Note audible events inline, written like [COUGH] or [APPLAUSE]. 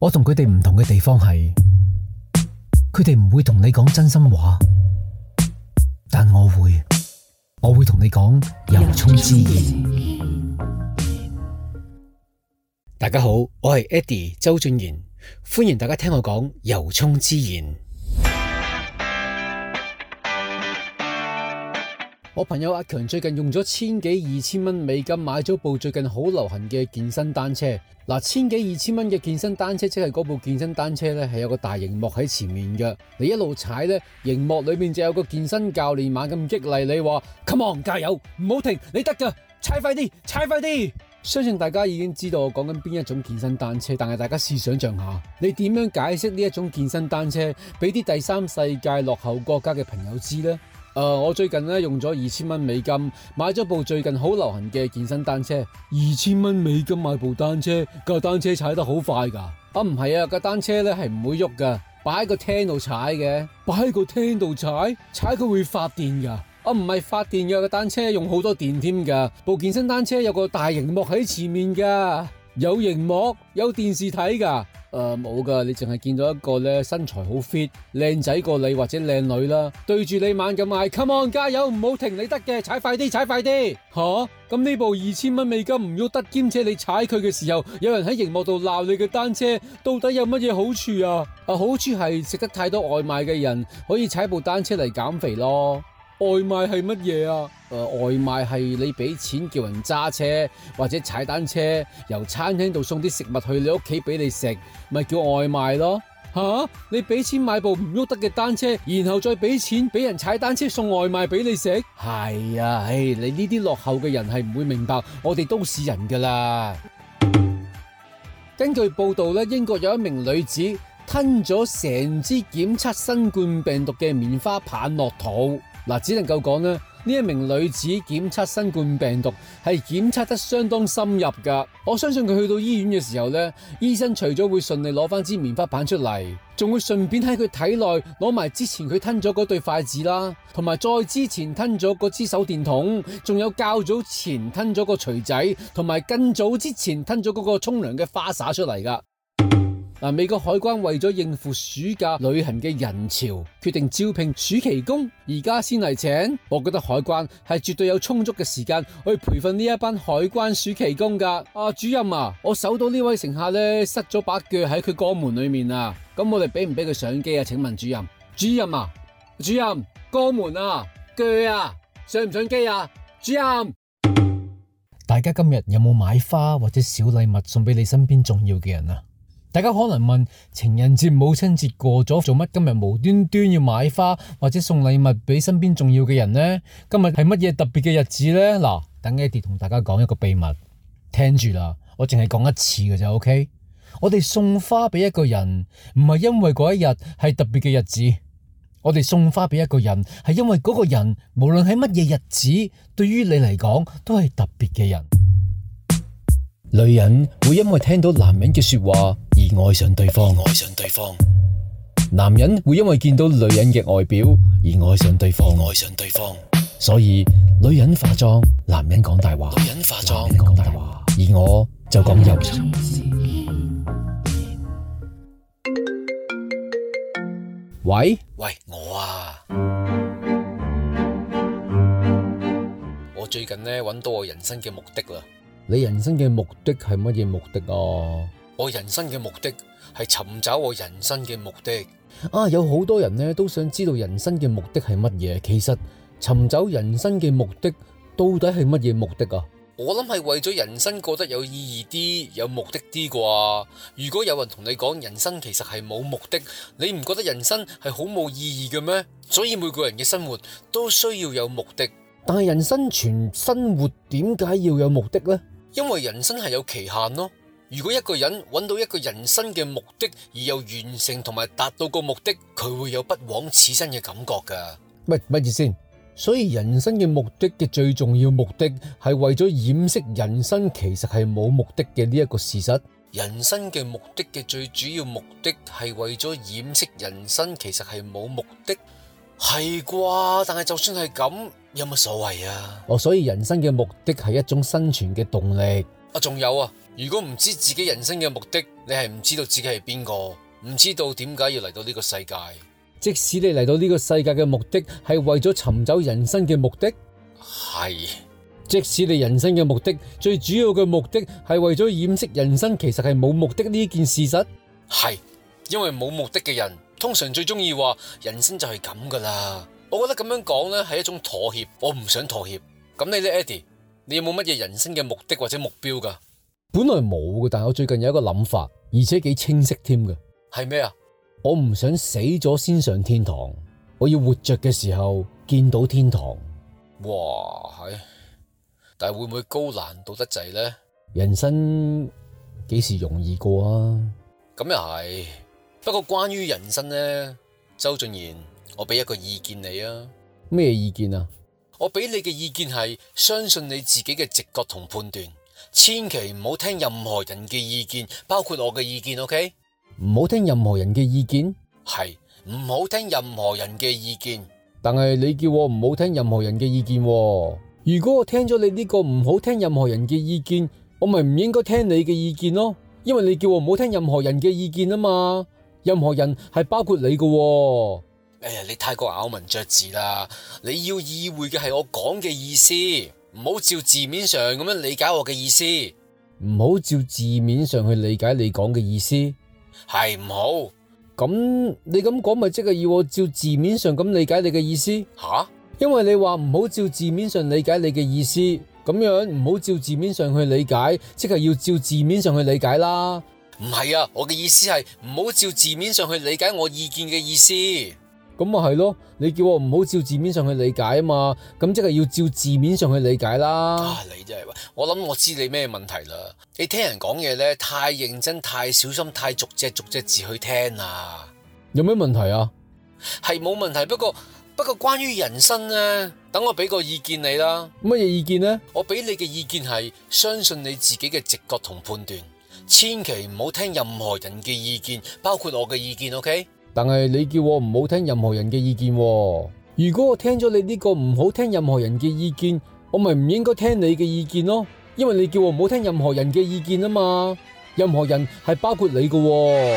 我同佢哋唔同嘅地方係，佢哋唔會同你講真心話，但我會，我會同你講由衷之言。大家好，我係 Eddie 周俊賢，歡迎大家聽我講由衷之言。我朋友阿強最近用咗千幾二千蚊美金買咗部最近好流行嘅健身單車。嗱、啊，千幾二千蚊嘅健身單車，即係嗰部健身單車咧，係有個大熒幕喺前面嘅。你一路踩咧，熒幕裏面就有個健身教練猛咁激勵你話：Come on，加油，唔好停，你得噶，踩快啲，踩快啲。相信大家已經知道我講緊邊一種健身單車，但係大家試想象下，你點樣解釋呢一種健身單車俾啲第三世界落後國家嘅朋友知呢？呃，我最近咧用咗二千蚊美金買咗部最近好流行嘅健身單車。二千蚊美金買部單車，架單車踩得好快噶？啊，唔係啊，架單車咧係唔會喐噶，擺喺個廳度踩嘅。擺喺個廳度踩，踩佢會發電噶？啊，唔係發電噶，架單車用好多電添噶。部健身單車有個大熒幕喺前面噶。有熒幕有電視睇噶誒，冇、呃、噶，你淨係見到一個咧身材好 fit 靚仔過你或者靚女啦，對住你猛咁嗌 come on 加油唔好停你得嘅踩快啲踩快啲吓咁呢部二千蚊美金唔喐得兼且你踩佢嘅時候，有人喺熒幕度鬧你嘅單車到底有乜嘢好處啊？啊好處係食得太多外賣嘅人可以踩部單車嚟減肥咯。外賣係乜嘢啊？誒、呃，外賣係你俾錢叫人揸車或者踩單車，由餐廳度送啲食物去你屋企俾你食，咪叫外賣咯。吓、啊，你俾錢買部唔喐得嘅單車，然後再俾錢俾人踩單車送外賣俾你食，係、哎、啊，唉、哎，你呢啲落後嘅人係唔會明白我哋都市人㗎喇。 [COUGHS] 根據報道咧，英國有一名女子吞咗成支檢測新冠病毒嘅棉花棒落肚。嗱，只能夠講呢，呢一名女子檢測新冠病毒係檢測得相當深入噶。我相信佢去到醫院嘅時候呢，醫生除咗會順利攞返支棉花棒出嚟，仲會順便喺佢體內攞埋之前佢吞咗嗰對筷子啦，同埋再之前吞咗嗰支手電筒，仲有較早前吞咗個錘仔，同埋更早之前吞咗嗰個沖涼嘅花灑出嚟噶。嗱、啊，美國海關為咗應付暑假旅行嘅人潮，決定招聘暑期工。而家先嚟請，我覺得海關係絕對有充足嘅時間去培訓呢一班海關暑期工㗎。啊，主任啊，我搜到呢位乘客咧，塞咗把鋸喺佢肛門裏面啊。咁我哋俾唔俾佢上機啊？請問主任，主任啊，主任肛門啊，鋸啊，上唔上機啊？主任，大家今日有冇買花或者小禮物送俾你身邊重要嘅人啊？大家可能問，情人節、母親節過咗做乜？今日無端端要買花或者送禮物俾身邊重要嘅人呢？今日係乜嘢特別嘅日子呢？嗱，等 Eddie 同大家講一個秘密，聽住啦，我淨係講一次嘅啫，OK？我哋送花俾一個人，唔係因為嗰一日係特別嘅日子，我哋送花俾一個人係因為嗰個人無論係乜嘢日子，對於你嚟講都係特別嘅人。女人會因為聽到男人嘅說話。愛上對方，愛上對方。男人會因為見到女人嘅外表而愛上對方，愛上對方。所以女人化妝，男人講大話，女人化妝，男人講大話。而我就講有。喂喂，我啊，我最近呢，揾到我人生嘅目的啦。你人生嘅目的係乜嘢目的啊？我人生嘅目的係尋找我人生嘅目的啊！有好多人呢都想知道人生嘅目的係乜嘢。其實尋找人生嘅目的到底係乜嘢目的啊？我諗係為咗人生過得有意義啲，有目的啲啩。如果有人同你講人生其實係冇目的，你唔覺得人生係好冇意義嘅咩？所以每個人嘅生活都需要有目的。但係人生全生活點解要有目的呢？因為人生係有期限咯。如果一個人揾到一個人生嘅目的，而又完成同埋達到個目的，佢會有不枉此生嘅感覺㗎。喂，乜意思？所以人生嘅目的嘅最重要的目的係為咗掩飾人生其實係冇目的嘅呢一個事實。人生嘅目的嘅最主要目的係為咗掩飾人生其實係冇目的。係啩？但係就算係咁，有乜所謂啊？哦，所以人生嘅目的係一種生存嘅動力。啊，仲有啊！如果唔知自己人生嘅目的，你係唔知道自己係邊個，唔知道點解要嚟到呢個世界。即使你嚟到呢個世界嘅目的係為咗尋找人生嘅目的，係。即使你人生嘅目的最主要嘅目的係為咗掩飾人生其實係冇目的呢件事實，係。因為冇目的嘅人通常最中意話人生就係咁噶啦。我覺得咁樣講咧係一種妥協，我唔想妥協。咁你咧，Eddie？你有冇乜嘢人生嘅目的或者目標噶？本來冇嘅，但係我最近有一個諗法，而且幾清晰添嘅。係咩啊？我唔想死咗先上天堂，我要活着嘅時候見到天堂。哇，係，但係會唔會高難度得滯咧？人生幾時容易過啊？咁又係，不過關於人生咧，周俊賢，我俾一個意見你啊。咩意見啊？我俾你嘅意見係相信你自己嘅直覺同判斷，千祈唔好聽任何人嘅意見，包括我嘅意見，OK？唔好聽任何人嘅意見，係唔好聽任何人嘅意見。但係你叫我唔好聽任何人嘅意見喎，如果我聽咗你呢個唔好聽任何人嘅意見，我咪唔應該聽你嘅意見咯？因為你叫我唔好聽任何人嘅意見啊嘛，任何人係包括你噶喎。哎呀，你太過咬文嚼字啦！你要意會嘅係我講嘅意思，唔好照字面上咁樣理解我嘅意思，唔好照字面上去理解你講嘅意思，係唔好。咁你咁講咪即係要我照字面上咁理解你嘅意思？吓、啊，因為你話唔好照字面上理解你嘅意思，咁樣唔好照字面上去理解，即係要照字面上去理解啦。唔係啊，我嘅意思係唔好照字面上去理解我意見嘅意思。咁咪係咯，你叫我唔好照字面上去理解啊嘛，咁即係要照字面上去理解啦。啊，你真係，我諗我知你咩問題啦。你聽人講嘢咧太認真，太小心，太逐隻逐隻字去聽啦。有咩問題啊？係冇問題，不過不過關於人生咧，等我俾個意見你啦。乜嘢意見咧？我俾你嘅意見係相信你自己嘅直覺同判斷，千祈唔好聽任何人嘅意見，包括我嘅意見，OK？但係你叫我唔好聽任何人嘅意見。哦，如果我聽咗你呢個唔好聽任何人嘅意見，我咪唔應該聽你嘅意見咯，因為你叫我唔好聽任何人嘅意見啊嘛，任何人係包括你㗎。哦。